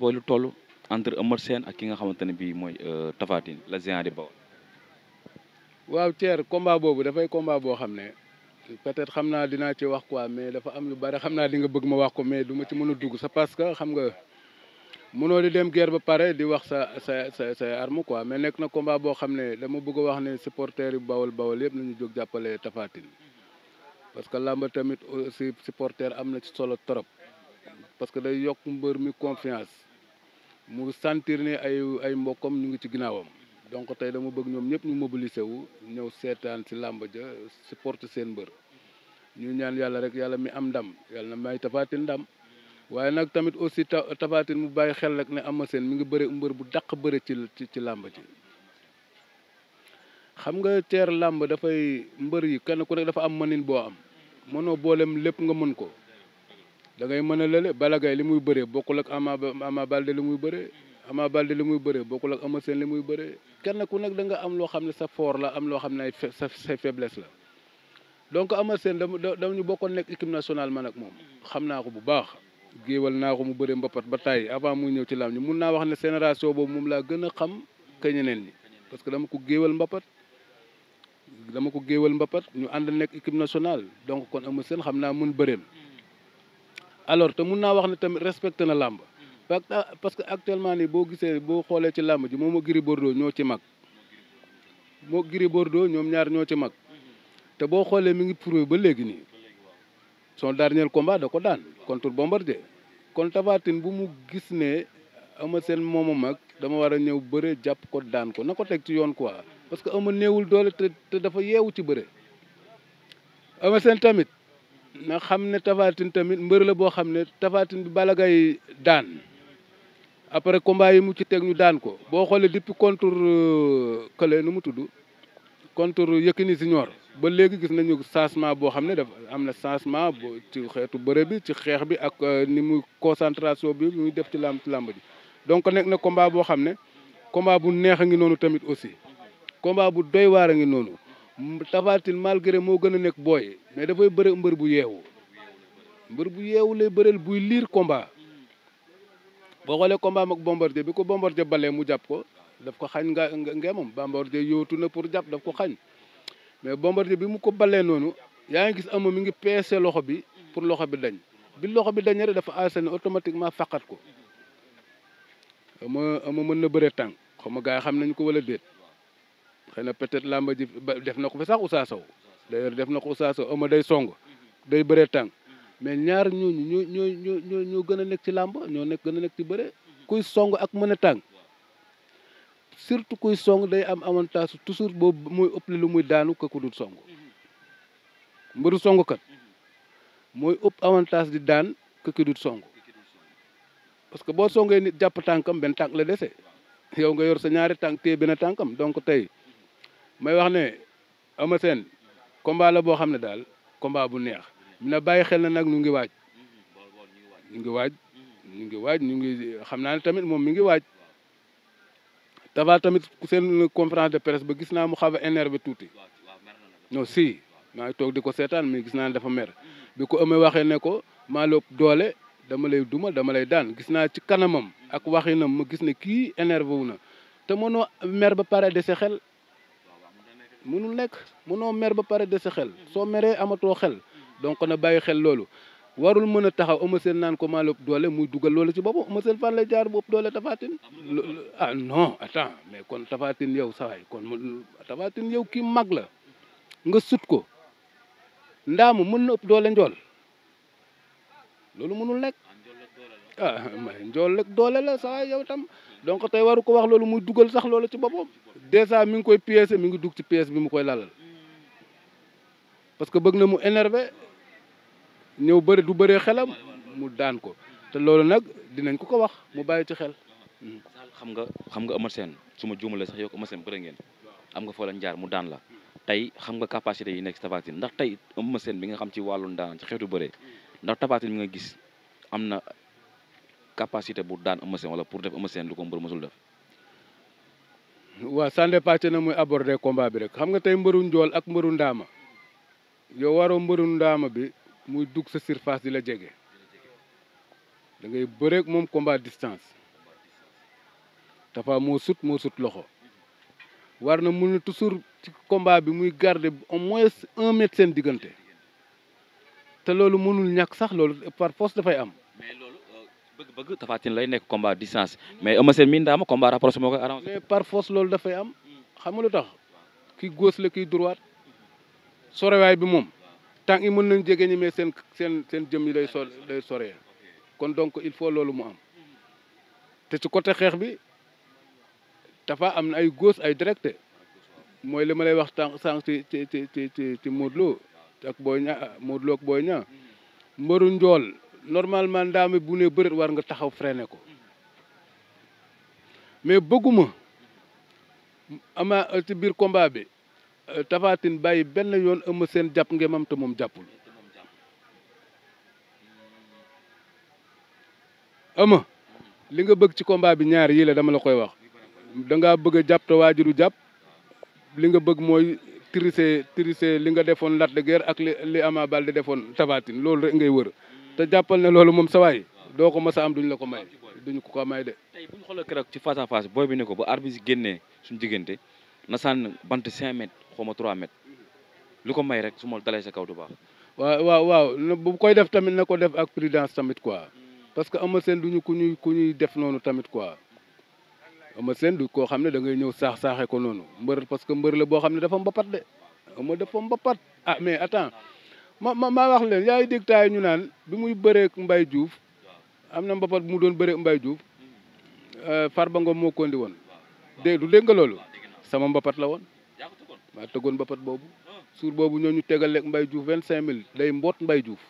booy lu toll entre Eumeu Sène ak ki nga xamante ne bii mooy euh, Tapha Tine la géant di Bawol. waaw Thierre combat boobu dafay combat boo xam ne peut-être xam naa dinaa ci wax quoi mais dafa am lu bari xam naa di nga bëgg ma wax ko mais duma ci mën a dugg sa parce que xam nga mënoo di dem guerre ba pare di wax sa sa sa say arme quoi mais nekk na combat boo xam ne dama bëgg a wax ne supporters yu Bawol Bawol yëpp nañu jóg jàppale Tapha parce que làmb tamit supporter am na ci solo trop mu sentir ni ay ay mbokkam ñu ngi ci ginnaawam donc tey dama bëgg ñoom ñëpp ñu mobiliser wu ñëw seetaan ci làmb ja supporter seen mbër ñu ñaan yàlla rek yàlla mi am ndam yàlla na may tafaatin ndam waaye nag tamit aussi tafaatin mu bàyyi xel rek ne Ama seen mi ngi bëre mbër bu dàq bëre ci ci làmb ji xam nga teer làmb dafay mbër yi kenn ku nekk dafa am mënin boo am mënoo boolem lépp nga mën ko da ngay mën a lële Balla Gaye li muy bëree bokkul ak Ama Ama Baldé li muy bëree Ama Baldé li muy bëree bokkul ak Ama Sène li muy bëree kenn ku nekk da nga am loo xam ne sa fort la am loo xam ne sa sa faiblesse la donc Ama Sène da da ñu bokkoon nekk équipe nationale man ak moom xam naa ko bu baax géewal naa ko mu bëree mbapat ba tàyyi avant muy ñëw ci lam ñu mun naa wax ne génération boobu moom laa gën a xam que ñeneen ñi parce que dama ko géewal mbapat dama ko géewal mbapat ñu ànd nekk équipe nationale donc kon Ama Sène xam naa mun bëreem alors te mun naa wax ne tamit respecté na làmb parce que actuellement nii boo gisee boo xoolee ci làmb ji moom moo Gris Bordeaux ñoo ci mag moo Gris Bordeaux ñoom ñaar ñoo ci mag te boo xoolee mi ngi prouvé ba léegi nii son dernier combat da ko daan contre Bombardier kon Tapha bu mu gis ne ama seen mooma mag dama war a ñëw bëre jàpp ko daan ko na ko teg ci yoon quoi parce que ama néewul doole te te dafa yeewu ci bëre ama seen tamit na xam ne Tafatine tamit mbër la boo xam ne Tafatine bi Balla daan après combat yi mu ci teg ñu daan ko boo xoolee depuis contre euh, kële nu mu tudd contre Yékini Junior ba léegi gis nañu changement boo xam ne dafa am na changement ci xeetu bëre bi ci xeex bi ak euh, ni muy concentration bi muy def ci làmb ci làmb donc nekk na combat boo xam ne combat bu neex a ngi noonu tamit aussi combat bu doy waar ngi noonu Taphatine malgré moo gën a nekk booy mais dafay bëre mbër bu yeewu mbër bu yeewu lay bëreel buy liir combat boo xoolee combat am ak Bombardier bi ko Bombardier balee mu jàpp ko daf ko xañ nga ngeemam Bombardier yootu na pour jàpp daf ko xañ mais Bombardier bi mu ko balee noonu yaa ngi gis ama mi ngi peese loxo bi pour loxo bi dañ bi loxo bi dañee rek dafa asséné automatiquement faqat ko ama ama mën na bëre tànk xam ma gars xam nañ ko wala déet xëy na peut-être làmba ji def na ko fi sax Oussa Sow d'ailleurs def na ko Oussa Sow ama day song day bëree tàng mais ñaar ñu ñoo ñoo ñoo ñoo gën a nekk ci làmb ñoo nekk gën a nekk ci bëre kuy song ak mën tànk surtout kuy song day am avantage toujours boobu mooy ëpp lu muy daanu ko ku dul song mbëru songkat mooy ëpp avantage di daan ko song parce que boo songee nit jàpp tànkam benn tànk la dese yow nga yor sa ñaari tànk téye benn tànkam donc tey may wax ne Eumeu Sène combat boo xam ne daal combat bu neex na bàyyi xel na nag ñu ngi waaj ñu ngi waaj ñu ngi waaj ñu ngi xam naa ne tamit moom mi ngi waaj Tapha tamit seen conférence de presse ba gis naa mu xaw a énervé tuuti non si maa ngi toog di ko seetaan mais gis naa ne dafa mer bi ko Eumeu waxee ne ko maa la doole dama lay duma dama lay daan gis naa ci kanamam ak na ma gis ne kii énervé u na te mënoo mer ba pare de sa xel mënul nekk mënoo mer ba pare de sa xel soo meree amatoo xel donc na bàyyi xel loolu warul mën a taxaw Eumeu Sène naan ko maa la ëpp doole muy dugal loolu ci boppam Eumeu seen fan lay jaar bu doole Tapha Tine ah non mais kon Tapha Tine yow sawaay kon Tapha Tine yow mag la nga sut ko ndaamu mën na ëpp doole njool loolu mënul nekk ah, njool rek doole la sawaay yow tam donc tey waru ko wax loolu muy dugal sax loolu ci boppam dèjà mi ngi koy pièce mi ngi dugg ci pièce bi mu koy lalal parce que bëgg na mu énervé ñëw bëri du bëree xelam mu daan ko te loolu nag dinañ ko ko wax mu bàyyi ci xel. xam nga xam nga Eumeu Sène su ma juumalee sax yow Eumeu Sène bëre ngeen am nga foola njaar mu daan la tey xam nga capacité yi nekk si Tapha ndax tey Eumeu seen bi nga xam ci wàllu daan ci xeetu bëre ndax Tapha Tine mi nga gis am na capacité bu daan Eumeu Sène wala pour def Eumeu Sène lu ko mbër mësul def. waaw ça dépassé na muy aborder combat bi rek xam nga tey mbëru njool ak mbëru ndaama yow waroo mbëru ndaama bi muy dugg sa surface di la jege da ngay bëreeg moom combat distance dafa moo sut moo sut loxo war na mun toujours ci combat bi muy garder au moins un mètre diggante te loolu mënul ñàkk sax loolu par dafay am. bëgg-bëgg Tapha Tine lay nekk combat distance mais Eumeu Sène miin daa ma combat rapproché moo koy mais par force loolu dafay am xam nga lu tax kii gauche la kii droite sorewaay bi moom tànk yi mën nañ jege ñi mais seen seen seen jëm yi lay so lay soree kon donc il faut loolu mu am te ci côté xeex bi dafa am na ay gauche ay directe mooy li ma lay wax tànk sànq ci ci ci ci ci Modou Lo ak Boy Niang Modou ak Boy nya mbaru njool normalement ndaame bu ne bëreet war nga taxaw freiné ko mais bëgguma ama euh, ci biir combat bi euh, Tapha Tine bàyyi benn yoon Eumeu seen jàpp ngemam te moom jàppul Eumeu li nga bëgg ci combat bi ñaar yii la dama la koy wax da ngaa bëgg a jàpp te waajuru jàpp li nga bëgg mooy trisé trisé li nga defoon Lac de Guiers ak li li Ama Baldé defoon Tapha loolu rek ngay wër te jàppal ne loolu moom sa doo ko mës a am duñ la ko may duñ ko ko may de. tey bu ñu xoolee keroog ko ba arbitre bi génnee suñu diggante na sànn bant 5 mètres xaw ma 3 lu ko may rek su ma dalee sa kaw du baax. waaw waaw waaw bu koy def tamit na ko def ak prudence tamit quoi parce que ama seen duñu ku ñuy ku ñuy def noonu tamit quoi. ama seen du koo xam ne da ngay ñëw saax saaxee ko noonu mbër parce que mbër la boo xam ne dafa mbapat de ama dafa mbapat ah mais attends ma ma ma wax len yaay dégg taay ñu naan bi muy bëreeg ak mbay juuf amna mbapat mu doon mbay juuf euh Farba Ngom mo kondi won woon dé du dégg lolu sama mbapat la won ma tegon mbapat bobu sur bobu ñoo ñu tegal leeg Mbaye Diouf day mbot mbay juuf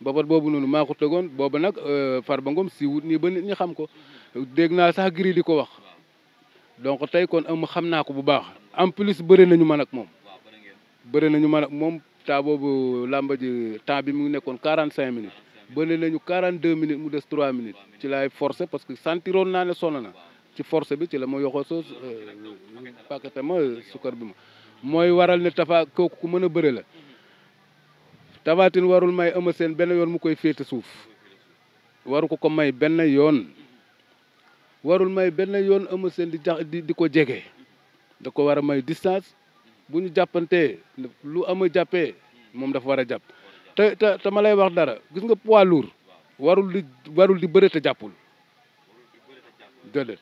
mbapat bobu nonu mako tegon bobu nak euh Farba Ngom si wut ni ba nit ñi xam ko dégg na sax giri di ko wax donc tay kon am xamna ko bu baax en plus bëri nañu man ak mom bëri nañu man ak mom temps boobu làmba temps bi mu ngi nekkoon quarante cinq minutes bële nañu quarante deux minutes mu des trois minutes ci laay force parce que santiroon naa ne na ci force bi ci la ma yoxoso euh, pakate ma sukar bi ma mooy waral ne tafa kooku ko mën a bëre la warul may Eumeu Sène benn yoon mu koy féete suuf waru ko ko may benn yoon warul may benn yoon Eumeu Sène di jax di di ko jege da ko war a may distance bu ñu jàppantee lu am a jàppee moom dafa war a jàpp te te ma lay wax dara gis nga poids lourd warul di warul di bëre jàppul déedéet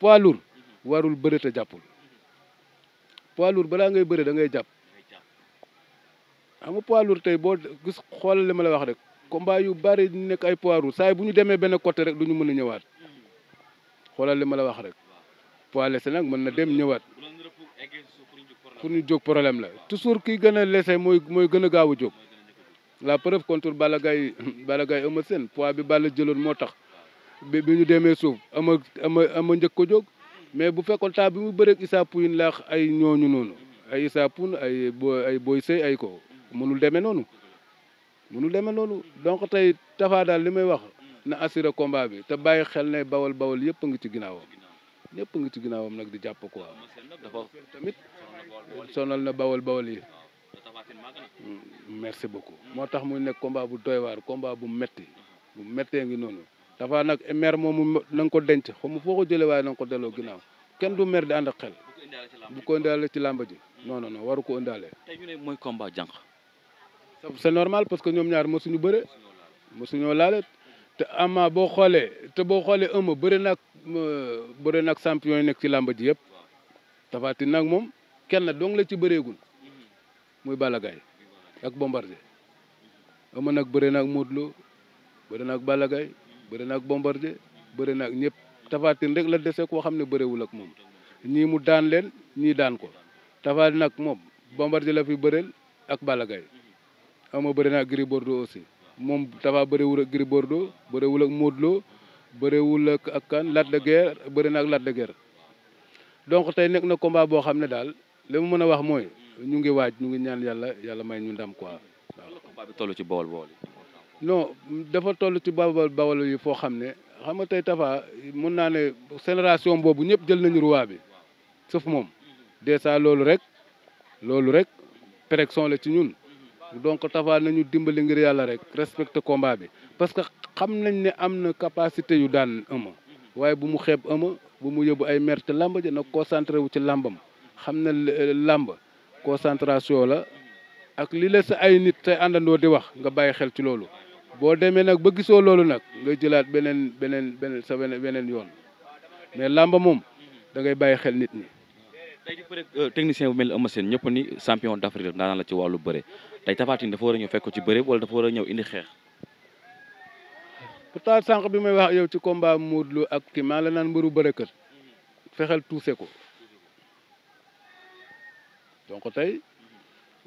poids warul bëre te jàppul poids lourd balaa ngay bëre da ngay jàpp xam nga tey boo gis xoolal li ma la wax rek combat yu bari ñu nekk ay poids lourd saa bu ñu demee benn côté rek du ñu mën a ñëwaat xoolal li ma la wax rek poids léger nag mën na dem ñëwaat pour ñu jóg problème la toujours ki gën a lese mooy mooy gën a gaaw a jóg la preuve contre Balla Gaye Balla Gaye Eumeu Sène poids bi Balla jëloon moo tax bi bi ñu demee suuf ama ama ama njëkk ko jóg mais bu fekkoon temps bi mu bëreeg Issa Pouye laax ay ñooñu noonu ay Issa Pouye ay bo ay Boy Sey ay ko mënul deme noonu mënul demee noonu donc tey Tapha daal li may wax na assuré combat bi te bàyyi xel na bawal bawal yëpp a ngi ci ginnaawam ñëpp a ngi ci ginnaawam nag di jàpp ko dafa sonal na bawal bawal yi mm, merci beaucoup motax tax muy nekk combat bu doy war combat bu metti bu metti ngi nonu dafa nak mer moomu na nga ko denc xam foko ko way waaye na ko delo ginaaw ken du mer di ànd xel bu ko indaale ci làmba ji non non non waru ko indaale tay ñu ne moy combat jank c'est normal parce que ñom ñaar mo suñu mosuñu mo suñu laale te ama bo xolé te boo xoolee ëmb bëri nag euh, bëri nak champion nek ci làmba ji yëpp tafaati nak mom kenn dong la ci bëreegul muy Balla ak bombarde ama nag bëri naag Modou Lo bëri naag Balla Gaye bëri naag Bombardier bëri naag ñëpp rek la dese koo xam ne bëreewul ak moom ñii mu daan leen ñii daan ko Tapha Tine nag moom Bombardier la fi bëreel ak Balla Gaye ama bëri naag Gris Bordeaux aussi moom Tapha bëriwul ak Gris Bordeaux bëriwul ak Modou Lo bëriwul ak ak kan Lac de Guiers bëri naag Lac tey nekk na combat boo xam ne daal li mu mën a wax mooy ñu ngi waaj ñu ngi ñaan yàlla yàlla may ñu ndam quoi waaw. ci bawol bawol non dafa toll ci babal bawol yi foo xam ne xam nga tey Tapha mun naa ne génération boobu ñëpp jël nañu roi bi sauf moom dèjà loolu rek loolu rek pression la ci ñun donc Tapha nañu dimbali ngir yàlla rek respecté combat bi parce que xam nañ ne am na capacité yu daan ëma waaye bu mu xeeb ëma bu mu yóbbu ay merte làmb ja na concentré wu ci làmbam xam ne làmb concentration la ak lii la sa ay nit te àndandoo di wax nga bàyyi xel ci loolu boo demee nag ba gisoo loolu nag nga jëlaat beneen beneen beneen sa beneen yoon mais làmb moom da ngay bàyyi xel nit ñi. tey di euh, technicien bu mel ni Eumeu Sène ñëpp ni champion d'Afrique daan la ci wàllu bëre tey Tapha Tine dafa war a ñëw fekk ko ci bëre wala dafa war a ñëw indi xeex. pourtant sànq bi may wax yow ci combat Modou Lo ak kii la naan mbëru bërëkkat fexeel tuuse ko. donc tey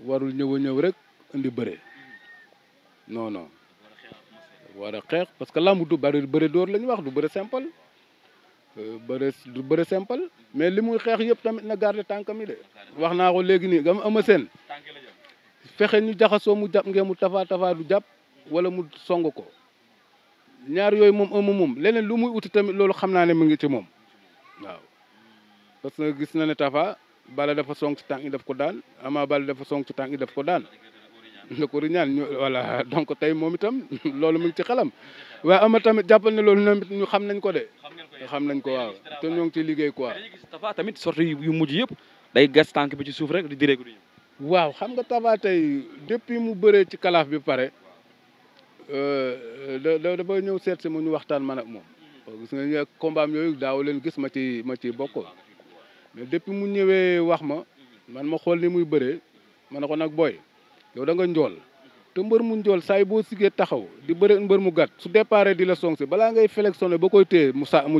warul ñëw a ñëw rek indi bëre non non war xeex parce que làmb du bari bëre dóor la ñu wax du bëre simple euh, bëre du bëre simple mais li muy xeex yëpp tamit na garder tànk mi de wax naa ko léegi nii gam ama seen fexe ñu jaxasoo mu jàpp ngeen mu tafa tafa du jàpp wala mu song ko ñaar yooyu moom ama moom leneen lu muy uti tamit loolu xam naa ne mu ngi ci moom waaw parce que gis na ne tafa Balla dafa song ci tànk yi def ko daan Ama Balla dafa song ci tànk yi def ko daan nga ko riñaan ñu voilà donc tey moom itam loolu mu ngi ci xelam waaye ama tamit jàppal ne loolu tamit ñu xam nañ ko de xam nañ ko te ñoo ngi ciy liggéey quoi Tapha tamit sortie yu mujj yëpp day gas tànk bi ci suuf rek di direeku di waaw xam nga Tapha tey depuis mu bëree ci kalaaf bi pare euh, da da dafa ñëw seet si mu ñu waxtaan man ak moom gis nga combat yooyu daaw leen gis ma ci ma ciy bokk mais depuis mu ñëwé wax ma man ma xol ni muy bëré boy, ne ko nag booy yow da nga ndjol te mbeur mu ndjol say bo sigé taxaw di bëré mbeur mu gatt su di la song si ngay flexioné ba koy téye mu sa mu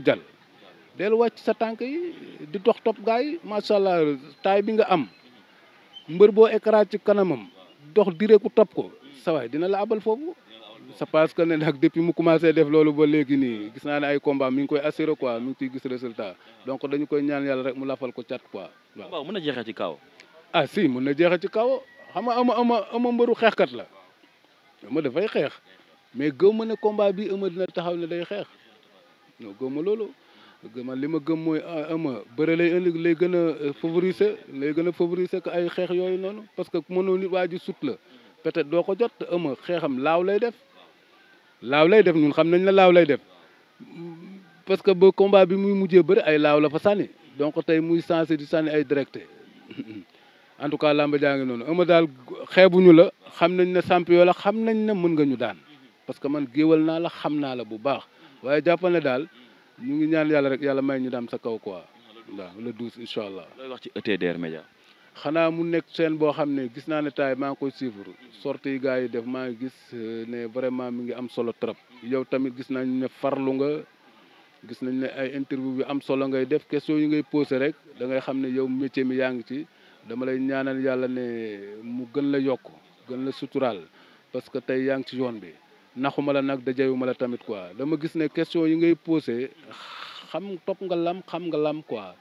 sa tank yi di dox top gaay yi macha bi nga am mbeur bo écrase ci kanamam dox ku top ko saway dina la abal fofu c'est parce que ne nag depuis mu commencé def loolu ba léegi nii gis naa ne ay combat mi ngi koy assuré quoi mi ngi ciy gis résultat donc dañu koy ñaan yàlla rek mu lafal ko cat quoi. waaw mën a jeexee ci kaw. ah si mën a jeexee ci kaw xam nga ama ama mbaru mbëru xeexkat la ama dafay xeex mais gëw ma ne combat bi ama dina taxaw ne day xeex non gëw ma loolu. man li ma gëm mooy ama ah, bëre lay indi lay gën a euh, favoriser lay gën a favoriser que ay xeex yooyu noonu parce que mënoo nit waa ji sut la peut-être doo ko jot ama xeexam laaw lay def. laaw lay def ñun xam nañ la laaw lay def parce que ba combat bi muy mujjee bëri ay laaw la fa sànni donc tey muy censé di sànni ay directé en tout cas làmba jaa ngi noonu ama daal xeebuñu la xam nañ ne champion la xam nañ ne mën nga ñu daan parce que man géewal naa la xam naa la bu baax waaye jàppal ne daal ñu ngi ñaan yàlla rek yàlla may ñu daam sa kaw quoi waaw le douze incha allah looy wax ci ETDR Média xanaa mu nekk chaîne boo xam ne gis naa ne taay maa ngi koy suivre sorties yi gars yi def maa ngi gis euh, ne vraiment mu ngi am solo trop. yow tamit gis nañ ne farlu nga gis nañ ne ay interview yu am solo ngay def question yi ngay posé rek da ngay xam ne yow métier mi yaa ngi ci dama lay ñaanal yàlla ne mu gën la yokk gën la suturaal parce que tey yaa ngi ci yoon bi naxuma la nag dajewuma tamit quoi dama gis ne question yi ngay posé xam topp nga lam xam nga lam quoi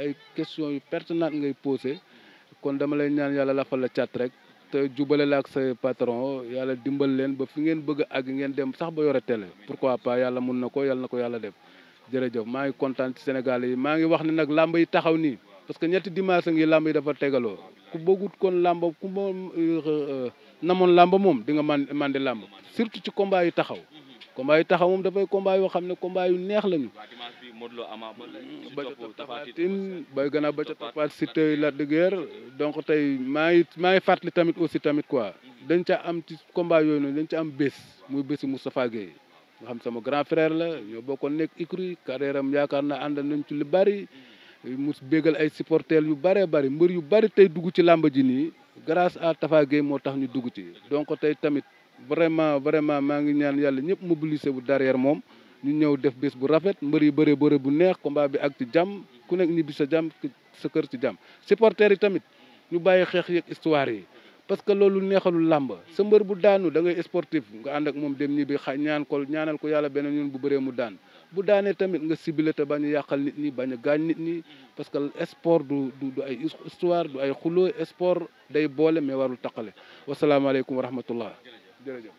ay question yu pertinente ngay posé. kon dama lay ñaan yàlla lafal la cat rek te jubale la ak sa patron yàlla dimbal leen ba fi ngeen bëgg a àgg ngeen dem sax ba yore télé pourquoi pas yàlla mun na ko yàlla na ko yàlla def jërëjëf maa ngi kontaan ci Sénégal yi maa ngi wax ne nag làmb yi taxaw nii parce que ñetti dimanche ngi làmb yi dafa tegaloo ku bëggut kon làmb ku moom euh, euh, namoon làmb moom di nga man mandi làmb surtout ci combat yu taxaw combat yu taxaw moom dafay combat yoo xam ne combat yu neex lañu Modou Lo Ama ba baca Tapha Tine ba ba a baca Tapha Siteu Lac de Guiers donc tey maa ngi maa tamit aussi tamit quoi dañ ca am ci combat yooyu noonu dañ ca am bés muy bési Moustapha Gueye nga xam sama grand frère la ñoo bokkoon nekk écurie carrière am yaakaar naa ànd nañ ci lu bari mu bégal ay supporters yu bëree bëri mbër yu bëri tey dugg ci làmba ji nii grâce à Tapha Gueye moo tax ñu dugg ci donc tey tamit vraiment vraiment maa ngi ñaan yàlla ñëpp mobiliser bu derrière moom ñu ñëw def bés bu rafet mbër yi bëree bëre bu neex combat bi ak ci jàmm ku nekk ñibbi sa jàmm sa kër ci jàmm supporters yi tamit ñu bàyyi xeex yeeg histoire yi parce que loolu neexalul làmb sa mbër bu daanu da ngay sportif nga ànd ak moom dem ñibbi xa ñaan ko ñaanal ko yàlla beneen yoon bu bëree mu daan bu daanee tamit nga sibile te bañ yàqal nit ñi bañ a gaañ nit ñi parce que sport du du ay histoire du ay xuloo sport day boole mais warul taqale wasalaamaaleykum wa rahmatullah jërëjëf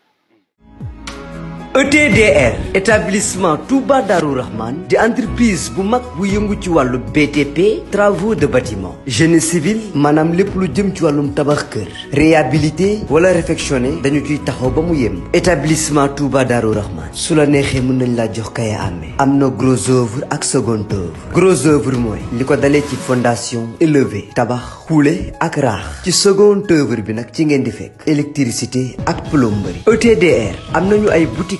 ETDR établissement Touba Darou Rahman de entreprise bu mag bu yëngu ci walu BTP travaux de bâtiment génie civil manam lepp lu jëm ci walum tabax kër réhabilité wala réfectionné dañu ci taxaw ba mu établissement Touba Darou Rahman su la neexee mën nañ la jox amna gros œuvre ak second œuvre gros œuvre moy liko dalé ci fondation élevé tabax xuule ak raax ci second œuvre bi nak ci ngeen di électricité ak plomberie ETDR amna ñu ay boutique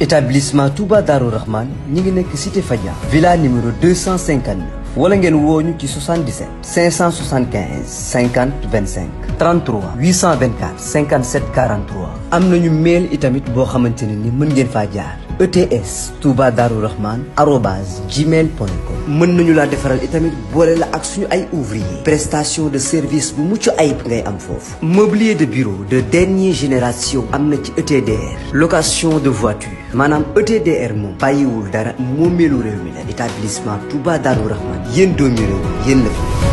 établissement Touba Darou Rahman ñi ngi cité Fadia. villa numéro 259. wala ngeen 77. 575 50 25. 33 824 57 43. Amnon et mail itamit boo ni ETS Touba Darou Rahman arobase Gmail.com point mën nañu defaral itamit boole la ak suñu ay ouvrier prestation de service bu mucc ayib ngay am mobilier de bureau de dernière génération am ETDR location de voiture maanaam ETDR moom bàyyiwul dara moomeelu réew mi la établissement Touba Darou Rahman yéen doomi réew